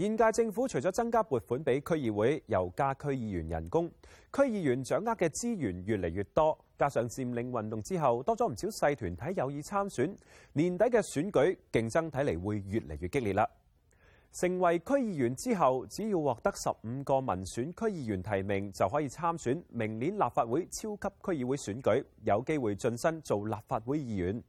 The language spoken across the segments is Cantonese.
現屆政府除咗增加撥款俾區議會，又加區議員人工，區議員掌握嘅資源越嚟越多，加上佔領運動之後多咗唔少細團體有意參選，年底嘅選舉競爭睇嚟會越嚟越激烈啦。成為區議員之後，只要獲得十五個民選區議員提名就可以參選明年立法會超級區議會選舉，有機會進身做立法會議員。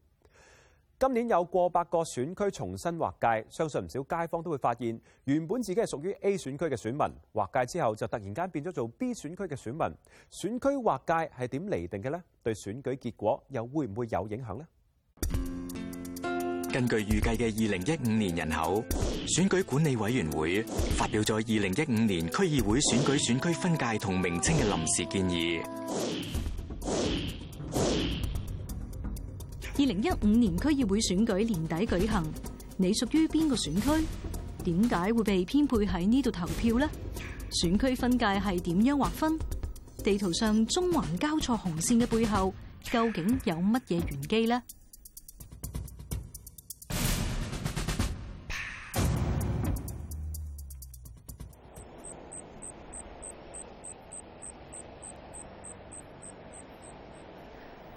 今年有過百個選區重新劃界，相信唔少街坊都會發現，原本自己係屬於 A 選區嘅選民，劃界之後就突然間變咗做 B 選區嘅選民。選區劃界係點嚟定嘅呢？對選舉結果又會唔會有影響呢？根據預計嘅二零一五年人口，選舉管理委員會發表咗二零一五年區議會選舉選區分界同名稱嘅臨時建議。二零一五年區議會選舉年底舉行，你屬於邊個選區？點解會被編配喺呢度投票呢？選區分界係點樣劃分？地圖上中環交錯紅線嘅背後，究竟有乜嘢玄機呢？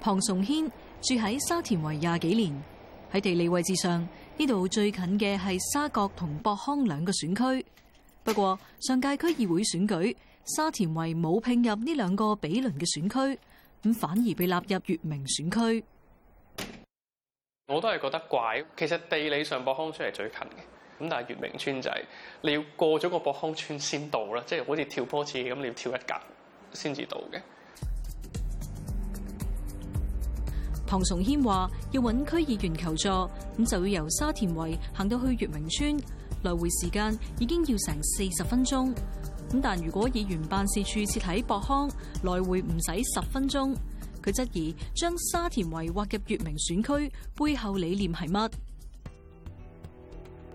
龐崇軒。住喺沙田圍廿幾年，喺地理位置上呢度最近嘅係沙角同博康兩個選區。不過上屆區議會選舉，沙田圍冇聘入呢兩個比鄰嘅選區，咁反而被納入乙明選區。我都係覺得怪，其實地理上博康村係最近嘅，咁但係乙明村就係，你要過咗個博康村先到啦，即係好似跳波次咁，你要跳一格先至到嘅。唐崇軒話要揾區議員求助，咁就要由沙田圍行到去乙明邨，來回時間已經要成四十分鐘。咁但如果議員辦事處設喺博康，來回唔使十分鐘。佢質疑將沙田圍劃入乙明選區背後理念係乜？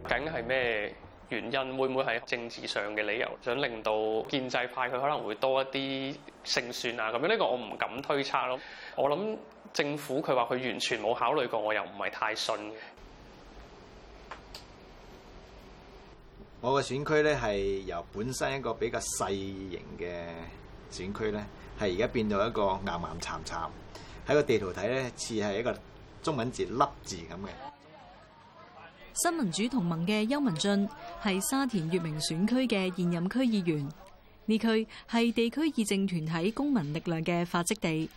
究竟係咩原因？會唔會係政治上嘅理由，想令到建制派佢可能會多一啲勝算啊？咁樣呢個我唔敢推測咯。我諗。政府佢話，佢完全冇考慮過我，我又唔係太信嘅。我個選區咧係由本身一個比較細型嘅選區咧，係而家變到一個岩岩慘慘喺個地圖睇咧，似係一個中文字粒字咁嘅。新民主同盟嘅邱文俊係沙田乙明選區嘅現任區議員，呢區係地區議政團體公民力量嘅發跡地。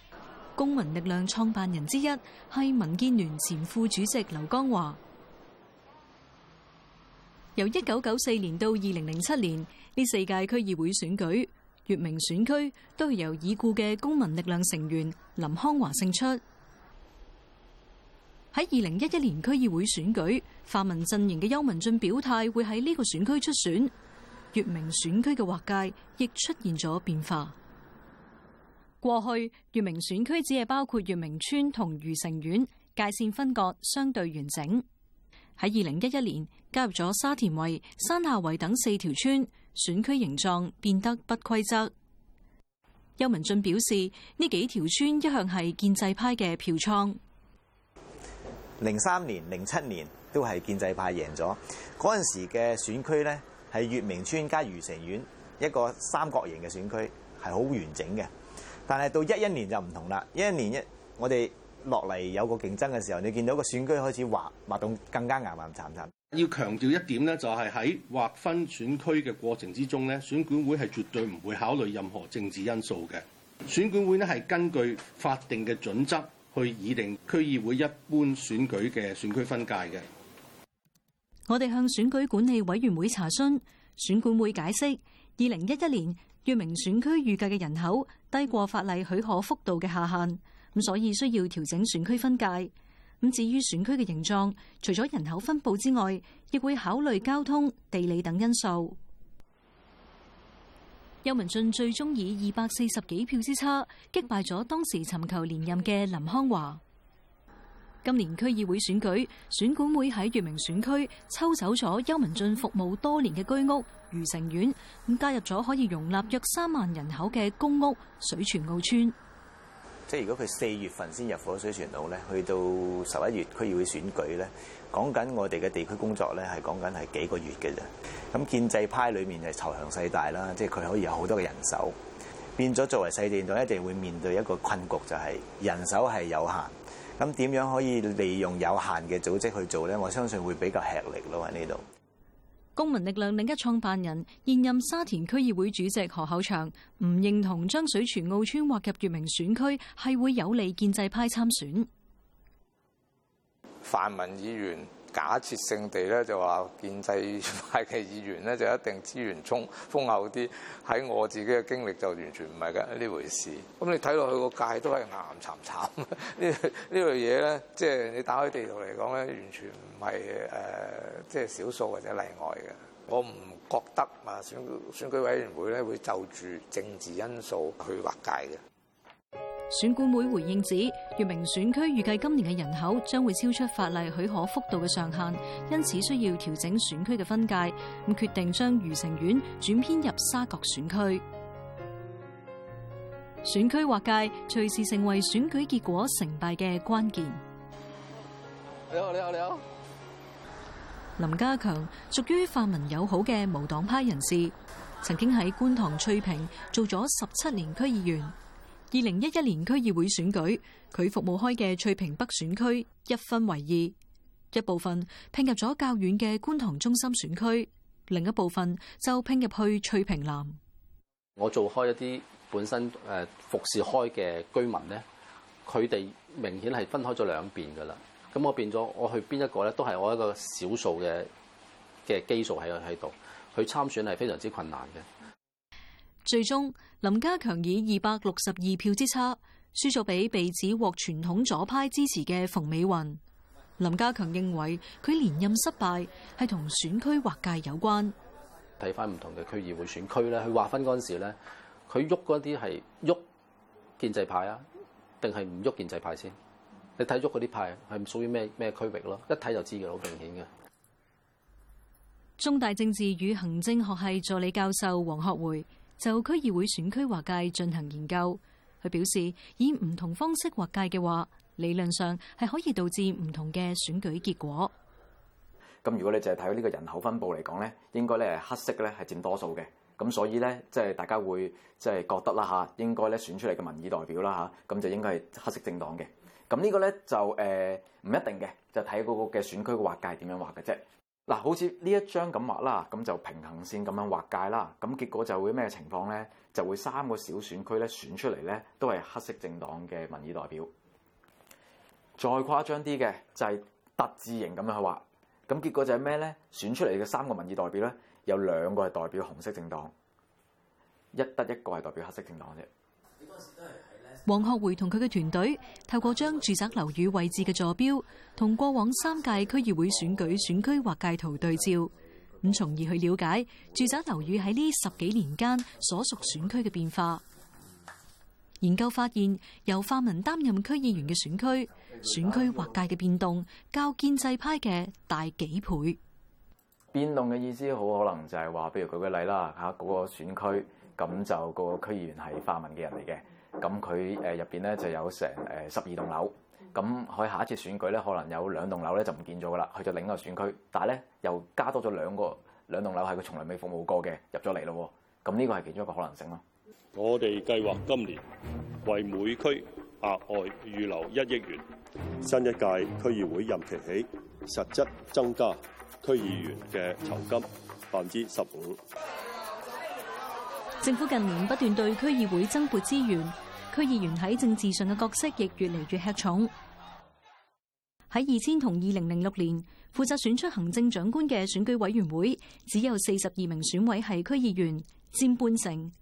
公民力量創辦人之一係民建聯前副主席劉江華。由一九九四年到二零零七年呢四屆區議會選舉，乙明選區都係由已故嘅公民力量成員林康華勝出。喺二零一一年區議會選舉，泛民陣營嘅邱文俊表態會喺呢個選區出選，乙明選區嘅劃界亦出現咗變化。過去乙明選區只係包括乙明村同愉城苑，界線分割相對完整。喺二零一一年加入咗沙田圍、山下圍等四條村，選區形狀變得不規則。邱文俊表示，呢幾條村一向係建制派嘅票倉。零三年、零七年都係建制派贏咗，嗰陣時嘅選區呢，係乙明村加愉城苑。一個三角形嘅選區係好完整嘅，但係到一一年就唔同啦。一一年我一我哋落嚟有個競爭嘅時候，你見到個選區開始劃劃到更加牙牙潺潺。要強調一點呢，就係喺劃分選區嘅過程之中咧，選管會係絕對唔會考慮任何政治因素嘅。選管會呢係根據法定嘅準則去擬定區議會一般選舉嘅選區分界嘅。我哋向選舉管理委員會查詢，選管會解釋。二零一一年，乙明選區預計嘅人口低過法例許可幅度嘅下限，咁所以需要調整選區分界。咁至於選區嘅形狀，除咗人口分佈之外，亦會考慮交通、地理等因素。邱文俊最終以二百四十幾票之差擊敗咗當時尋求連任嘅林康華。今年區議會選舉，選管會喺乙明選區抽走咗邱文俊服務多年嘅居屋愉城苑，咁加入咗可以容納約三萬人口嘅公屋水泉澳村。即係如果佢四月份先入伙水泉澳咧，去到十一月區議會選舉咧，講緊我哋嘅地區工作咧係講緊係幾個月嘅啫。咁建制派裏面係朝向勢大啦，即係佢可以有好多嘅人手，變咗作為細政黨一定會面對一個困局，就係人手係有限。咁點樣可以利用有限嘅組織去做呢？我相信會比較吃力咯喺呢度。公民力量另一創辦人、現任沙田區議會主席何厚祥，唔認同將水泉澳村劃入乙明選區，係會有利建制派參選。泛民議員。假設性地咧，就話建制派嘅議員咧就一定資源充豐厚啲，喺我自己嘅經歷就完全唔係嘅呢回事。咁你睇落去個界都係岩巉巉呢呢樣嘢咧，即 係、就是、你打開地圖嚟講咧，完全唔係誒，即係少數或者例外嘅。我唔覺得啊，選選舉委員會咧會就住政治因素去劃界嘅。選管會回應指，乙明選區預計今年嘅人口將會超出法例許可幅度嘅上限，因此需要調整選區嘅分界，決定將愉城苑轉編入沙角選區。選區劃界隨時成為選舉結果成敗嘅關鍵。你好，你好，你好。林家強屬於泛民友好嘅無黨派人士，曾經喺觀塘翠屏做咗十七年區議員。二零一一年區議會選舉，佢服務開嘅翠屏北選區一分為二，一部分拼入咗較遠嘅觀塘中心選區，另一部分就拼入去翠屏南。我做開一啲本身誒服侍開嘅居民咧，佢哋明顯係分開咗兩邊噶啦。咁我變咗我去邊一個咧？都係我一個少數嘅嘅基數喺度，佢參選係非常之困難嘅。最終林家強以二百六十二票之差輸咗俾被指獲傳統左派支持嘅馮美雲。林家強認為佢連任失敗係同選區劃界有關。睇翻唔同嘅區議會選區咧，佢劃分嗰陣時咧，佢喐嗰啲係喐建制派啊，定係唔喐建制派先？你睇喐嗰啲派系屬於咩咩區域咯？一睇就知嘅，好明顯嘅。中大政治與行政學系助理教授黃鶴回。就區議會選區劃界進行研究，佢表示以唔同方式劃界嘅話，理論上係可以導致唔同嘅選舉結果。咁如果你淨係睇到呢個人口分布嚟講咧，應該咧係黑色咧係佔多數嘅，咁所以咧即係大家會即係覺得啦吓，應該咧選出嚟嘅民意代表啦吓，咁就應該係黑色政黨嘅。咁呢個咧就誒唔一定嘅，就睇嗰個嘅選區劃界點樣劃嘅啫。嗱，好似呢一張咁畫啦，咁就平衡線咁樣劃界啦，咁結果就會咩情況咧？就會三個小選區咧選出嚟咧，都係黑色政黨嘅民意代表。再誇張啲嘅就係，特字型咁樣去畫，咁結果就係咩咧？選出嚟嘅三個民意代表咧，有兩個係代表紅色政黨，一得一個係代表黑色政黨啫。黃學會同佢嘅團隊透過將住宅樓宇位置嘅坐標同過往三屆區議會選舉選區劃界圖對照，咁從而去了解住宅樓宇喺呢十幾年間所屬選區嘅變化。研究發現，由泛民擔任區議員嘅選區，選區劃界嘅變動較建制派嘅大幾倍。變動嘅意思好可能就係話，比如舉個例啦，吓、那、嗰個選區。咁就個區議員係化文嘅人嚟嘅，咁佢誒入邊咧就有成誒十二棟樓，咁佢下一次選舉咧，可能有兩棟樓咧就唔見咗噶啦，佢就去咗另一個選區，但係咧又加多咗兩個兩棟樓係佢從來未服務過嘅入咗嚟咯，咁呢個係其中一個可能性咯。我哋計劃今年為每區額外預留一億元，新一屆區議會任期起，實質增加區議員嘅酬金百分之十五。政府近年不斷對區議會增撥資源，區議員喺政治上嘅角色亦越嚟越吃重。喺二千同二零零六年，負責選出行政長官嘅選舉委員會只有四十二名選委係區議員，佔半成。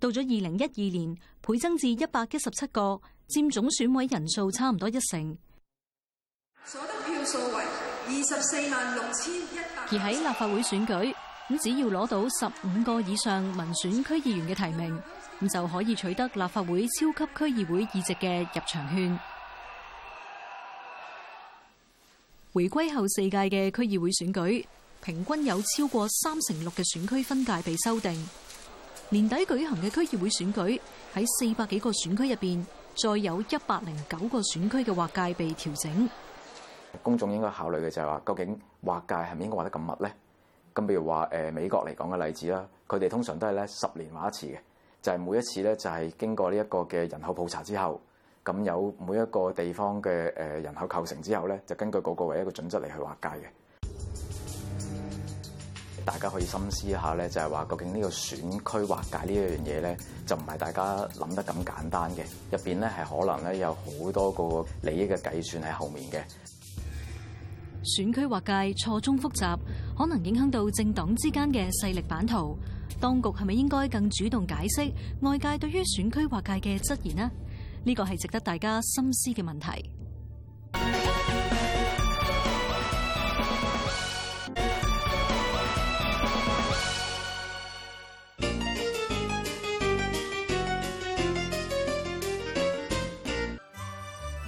到咗二零一二年，倍增至一百一十七個，佔總選委人數差唔多一成。所得票數為二十四萬六千一百。而喺立法會選舉。咁只要攞到十五個以上民選區議員嘅提名，咁就可以取得立法會超級區議會議席嘅入場券。回歸後四屆嘅區議會選舉，平均有超過三成六嘅選區分界被修訂。年底舉行嘅區議會選舉，喺四百幾個選區入邊，再有一百零九個選區嘅劃界被調整。公眾應該考慮嘅就係話，究竟劃界係咪應該劃得咁密呢？咁譬如話誒美國嚟講嘅例子啦，佢哋通常都係咧十年畫一次嘅，就係每一次咧就係經過呢一個嘅人口普查之後，咁有每一個地方嘅誒人口構成之後咧，就根據 𠮶 個唯一個準則嚟去劃界嘅。 大家可以深思一下咧，就係話究竟呢個選區劃界呢一樣嘢咧，就唔係大家諗得咁簡單嘅，入邊咧係可能咧有好多個利益嘅計算喺後面嘅。選區劃界錯綜複雜，可能影響到政黨之間嘅勢力版圖。當局係咪應該更主動解釋外界對於選區劃界嘅質疑呢？呢個係值得大家深思嘅問題。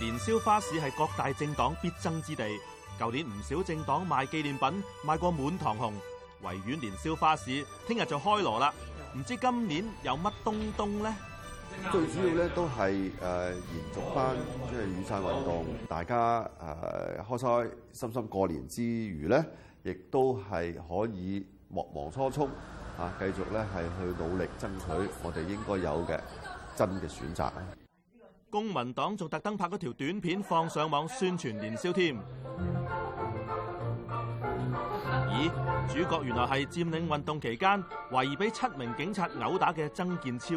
年宵花市係各大政黨必爭之地。舊年唔少政黨賣紀念品，賣過滿堂紅，維園年宵花市聽日就開鑼啦，唔知今年有乜東東咧？最主要咧都係誒延續翻即係雨傘運動，大家誒開開心心過年之餘咧，亦都係可以莫忘初衷，吓繼續咧係去努力爭取我哋應該有嘅真嘅選擇。公民黨仲特登拍咗條短片放上網宣傳年宵添。主角原來係佔領運動期間懷疑俾七名警察毆打嘅曾健超。誒，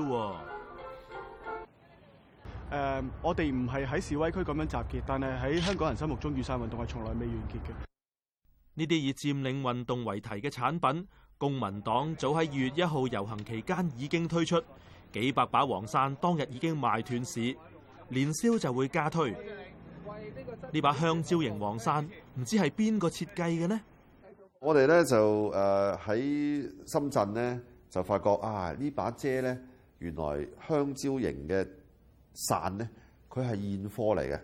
我哋唔係喺示威區咁樣集結，但係喺香港人心目中，雨傘運動係從來未完結嘅。呢啲以佔領運動為題嘅產品，公民黨早喺二月一號遊行期間已經推出，幾百把黃傘當日已經賣斷市，年宵就會加推。呢把香蕉型黃傘，唔知係邊個設計嘅呢？我哋咧，就誒，喺深圳咧，就發覺啊，呢把遮咧，原來香蕉型嘅傘咧佢係現貨嚟嘅，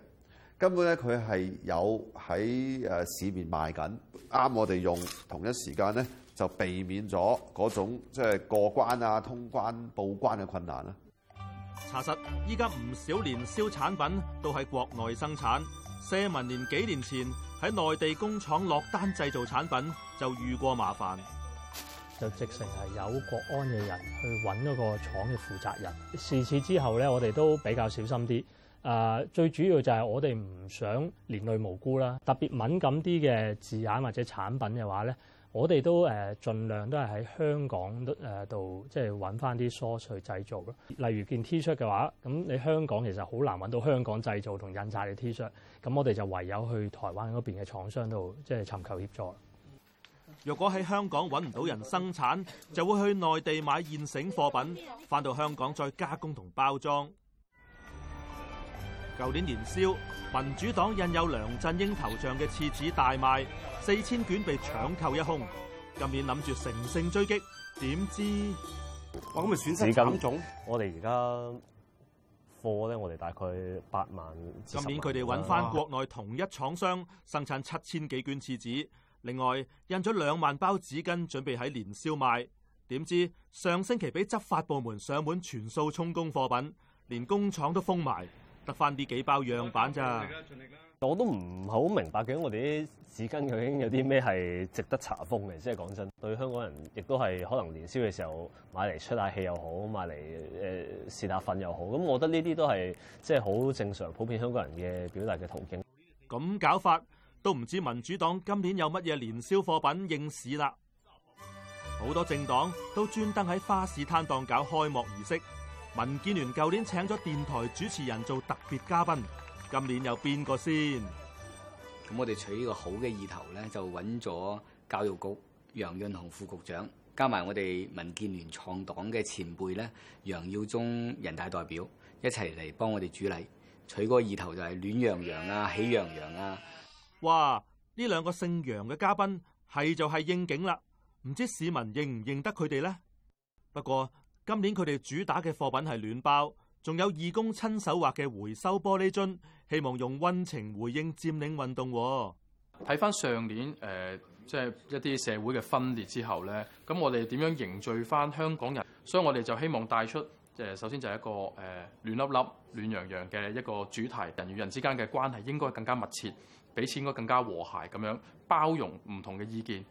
根本咧，佢係有喺誒市面賣緊，啱我哋用。同一時間咧，就避免咗嗰種即係過關啊，通關報關嘅困難啦。查實依家唔少年宵產品都喺國內生產，社民連幾年前。喺內地工廠落單製造產品就遇過麻煩，就直情係有國安嘅人去揾嗰個廠嘅負責人。自此之後咧，我哋都比較小心啲。誒，最主要就係我哋唔想連累無辜啦。特別敏感啲嘅字眼或者產品嘅話咧，我哋都誒盡量都係喺香港誒度，即係揾翻啲素材去製造咯。例如件 T-shirt 嘅話，咁你香港其實好難揾到香港製造同印刷嘅 T-shirt，咁我哋就唯有去台灣嗰邊嘅廠商度即係尋求協助。若果喺香港揾唔到人生產，就會去內地買現成貨品，翻到香港再加工同包裝。舊年年宵，民主黨印有梁振英頭像嘅廁紙大賣，四千卷被搶購一空。今年諗住乘勝追擊，點知金哇咁咪損失慘重。我哋而家貨咧，我哋大概八萬。今年佢哋揾翻國內同一廠商哇生產七千幾卷廁紙，另外印咗兩萬包紙巾，準備喺年宵賣。點知上星期俾執法部門上門全數充公貨品，連工廠都封埋。得返啲幾包樣板咋？我都唔好明白嘅，究竟我哋啲紙巾究竟有啲咩係值得查封嘅？即係講真，對香港人亦都係可能年宵嘅時候買嚟出下氣又好，買嚟誒洩下憤又好。咁我覺得呢啲都係即係好正常、普遍香港人嘅表達嘅途徑。咁搞法都唔知民主黨今年有乜嘢年宵貨品應市啦。好多政黨都專登喺花市攤檔搞開幕儀式。民建聯舊年請咗電台主持人做特別嘉賓，今年有邊個先？咁我哋取呢個好嘅意頭咧，就搵咗教育局楊潤雄副局長，加埋我哋民建聯創黨嘅前輩咧，楊耀忠人大代表一齊嚟幫我哋主禮，取嗰個意頭就係暖羊羊啊，喜羊羊啊。哇！呢兩個姓楊嘅嘉賓係就係應景啦，唔知市民認唔認得佢哋咧？不過。今年佢哋主打嘅貨品係暖包，仲有義工親手畫嘅回收玻璃樽，希望用溫情回應佔領運動。睇翻上年，誒，即係一啲社會嘅分裂之後呢，咁我哋點樣凝聚翻香港人？所以我哋就希望帶出，誒，首先就係一個誒暖粒粒、暖洋洋嘅一個主題，人與人之間嘅關係應該更加密切，彼此應該更加和諧，咁樣包容唔同嘅意見。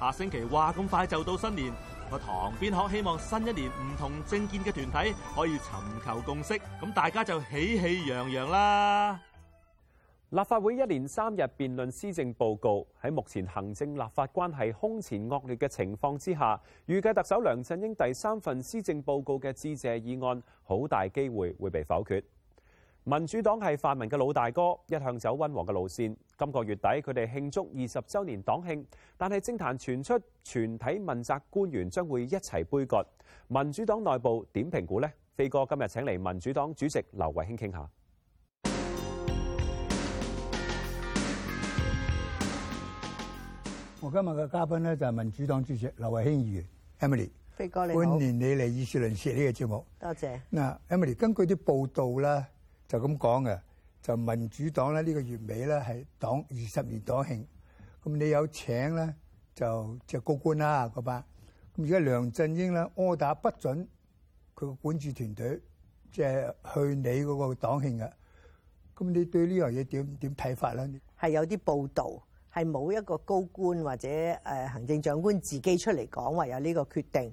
下星期哇，咁快就到新年。我堂邊鶴希望新一年唔同政見嘅團體可以尋求共識，咁大家就喜氣洋洋啦。立法會一連三日辯論施政報告，喺目前行政立法關係空前惡劣嘅情況之下，預計特首梁振英第三份施政報告嘅致謝議案好大機會會被否決。民主黨係泛民嘅老大哥，一向走温和嘅路線。今個月底佢哋慶祝二十周年黨慶，但係政壇傳出全體問責官員將會一齊杯葛。民主黨內部點評估呢？飛哥今日請嚟民主黨主席劉慧卿傾下。我今日嘅嘉賓呢，就係民主黨主席劉慧卿議員 Emily。飛哥你好。歡迎你嚟議事論事呢個節目。多謝。嗱，Emily，根據啲報道啦。就咁講嘅，就民主黨咧呢個月尾咧係黨二十年黨慶，咁你有請咧就就高官啦，嗰班。咁而家梁振英咧，柯打不准佢個管治團隊即係、就是、去你嗰個黨慶嘅。咁你對呢樣嘢點點睇法咧？係有啲報導係冇一個高官或者行政長官自己出嚟講話有呢個決定。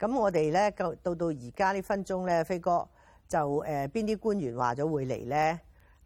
咁我哋咧到到到而家呢分鐘咧，飛哥。就邊啲、呃、官員話咗會嚟咧？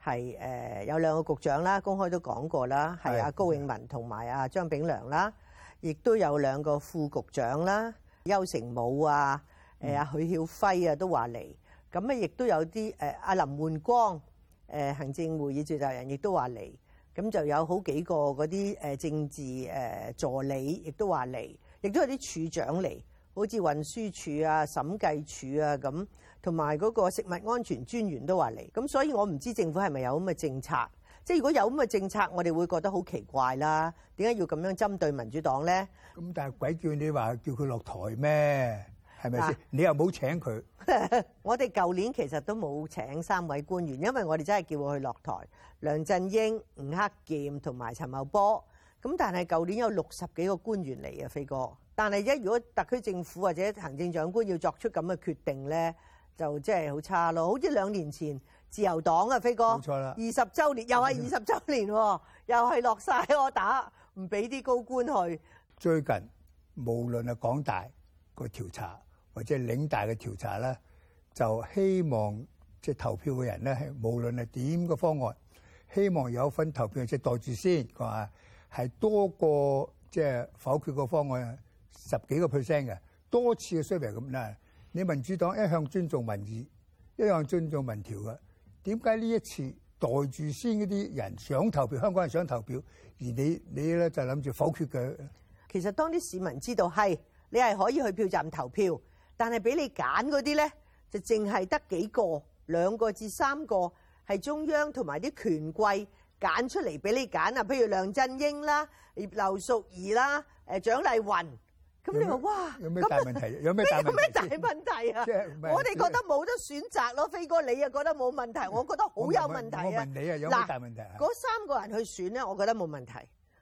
係、呃、有兩個局長啦，公開都講過啦，係阿是、啊、高永文同埋阿張炳良啦，亦都有兩個副局長啦，邱成武啊，誒、呃、阿許曉輝啊都話嚟，咁啊亦都有啲阿、呃、林煥光、呃、行政會議召集人亦都話嚟，咁就有好幾個嗰啲政治誒、呃、助理亦都話嚟，亦都有啲處長嚟。好似運輸署啊、審計處啊咁，同埋嗰個食物安全專員都話嚟，咁所以我唔知政府係咪有咁嘅政策。即係如果有咁嘅政策，我哋會覺得好奇怪啦。點解要咁樣針對民主黨咧？咁但係鬼叫你話叫佢落台咩？係咪先？啊、你又冇請佢。 我哋舊年其實都冇請三位官員，因為我哋真係叫佢去落台。梁振英、吳克儉同埋陳茂波。咁但係舊年有六十幾個官員嚟啊，飛哥。但係一如果特區政府或者行政長官要作出咁嘅決定咧，就真係好差咯。好似兩年前自由黨啊，飛哥，冇錯啦，二十週年又係二十週年，又係的落晒我打，唔俾啲高官去。最近無論係港大個調查或者嶺大嘅調查咧，就希望即係、就是、投票嘅人咧，無論係點個方案，希望有份投票即係袋住先，佢話係多過即係、就是、否決個方案。十幾個 percent 嘅多次嘅 survey 咁啦，你民主黨一向尊重民意，一向尊重民調嘅，點解呢一次袋住先嗰啲人想投票，香港人想投票，而你你咧就諗住否決佢？其實當啲市民知道係你係可以去票站投票，但係俾你揀嗰啲咧就淨係得幾個兩個至三個係中央同埋啲權貴揀出嚟俾你揀啊，譬如梁振英啦、葉劉淑儀啦、誒蔣麗芸。咁你話哇，有咩咩咩大問題啊？我哋覺得冇得選擇咯，飛哥你又覺得冇問題，我覺得好有問題啊！問,問你啊，有冇大問題？嗰三個人去選咧，我覺得冇問題，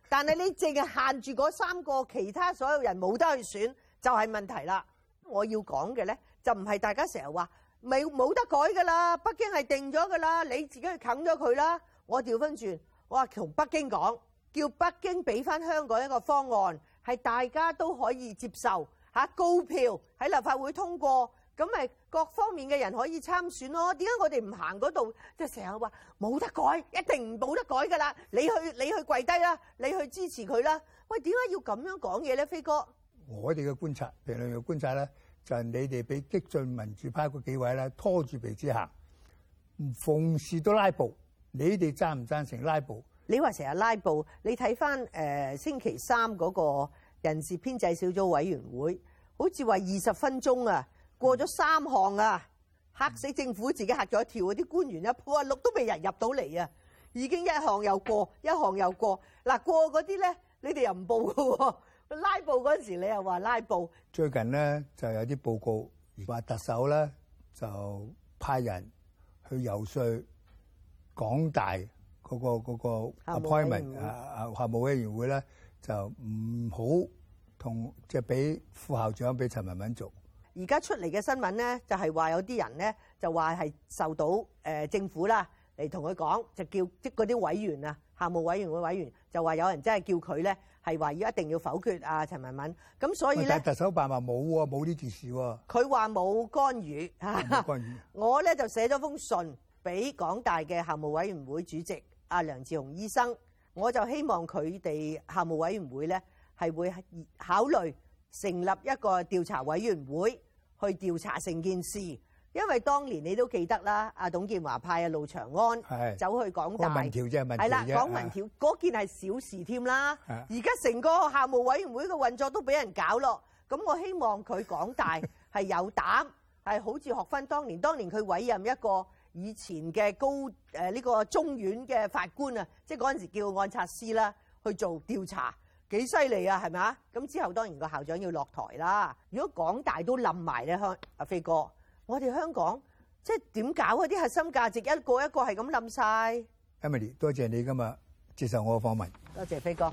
但係你淨係限住嗰三個，其他所有人冇得去選就係問題啦。我要講嘅咧，就唔係大家成日話咪冇得改噶啦，北京係定咗噶啦，你自己去啃咗佢啦。我調翻轉，我話同北京講，叫北京俾翻香港一個方案。係大家都可以接受嚇高票喺立法會通過，咁咪各方面嘅人可以參選咯。點解我哋唔行嗰度？即係成日話冇得改，一定冇得改噶啦！你去你去跪低啦，你去支持佢啦。喂，點解要咁樣講嘢咧，飛哥？我哋嘅觀察，評論嘅觀察咧，就係、是、你哋俾激進民主派嗰幾位咧拖住鼻子行，逢事都拉布。你哋贊唔贊成拉布？你話成日拉布，你睇翻誒星期三嗰個人事編制小組委員會，好似話二十分鐘啊，過咗三項啊，嚇死政府自己嚇咗一跳啊！啲官員一鋪啊，碌都未人入到嚟啊，已經一項又過，一項又過。嗱，過嗰啲咧，你哋又唔報嘅喎，拉布嗰陣時你又話拉布。最近咧就有啲報告話特首咧就派人去遊說港大。嗰、那個嗰、那個 appointment 啊啊，校務委員會咧就唔好同即係俾副校長俾陳文敏做。而家出嚟嘅新聞咧，就係、是、話有啲人咧就話係受到誒政府啦嚟同佢講，就叫即嗰啲委員啊，校務委員會委員就話有人真係叫佢咧係話要一定要否決啊陳文敏。咁所以咧，但特首辦話冇喎，冇呢件事喎、啊。佢話冇干預。干 預。我咧就寫咗封信俾港大嘅校務委員會主席。阿梁志雄醫生，我就希望佢哋校務委員會呢係會考慮成立一個調查委員會去調查成件事，因為當年你都記得啦，阿董建華派阿盧長安走去港大，民調啫，民調啫，講民調嗰件係小事添啦。而家成個校務委員會嘅運作都俾人搞落，咁我希望佢港大係有膽，係好似學返當年，當年佢委任一個。以前嘅高誒呢個中院嘅法官啊，即係嗰陣時叫按察司啦，去做調查，幾犀利啊，係咪啊？咁之後當然個校長要落台啦。如果港大都冧埋咧，香阿飛哥，我哋香港即係點搞嗰啲核心價值，一個一個係咁冧晒。Emily，多謝你今日接受我嘅訪問。多謝飛哥。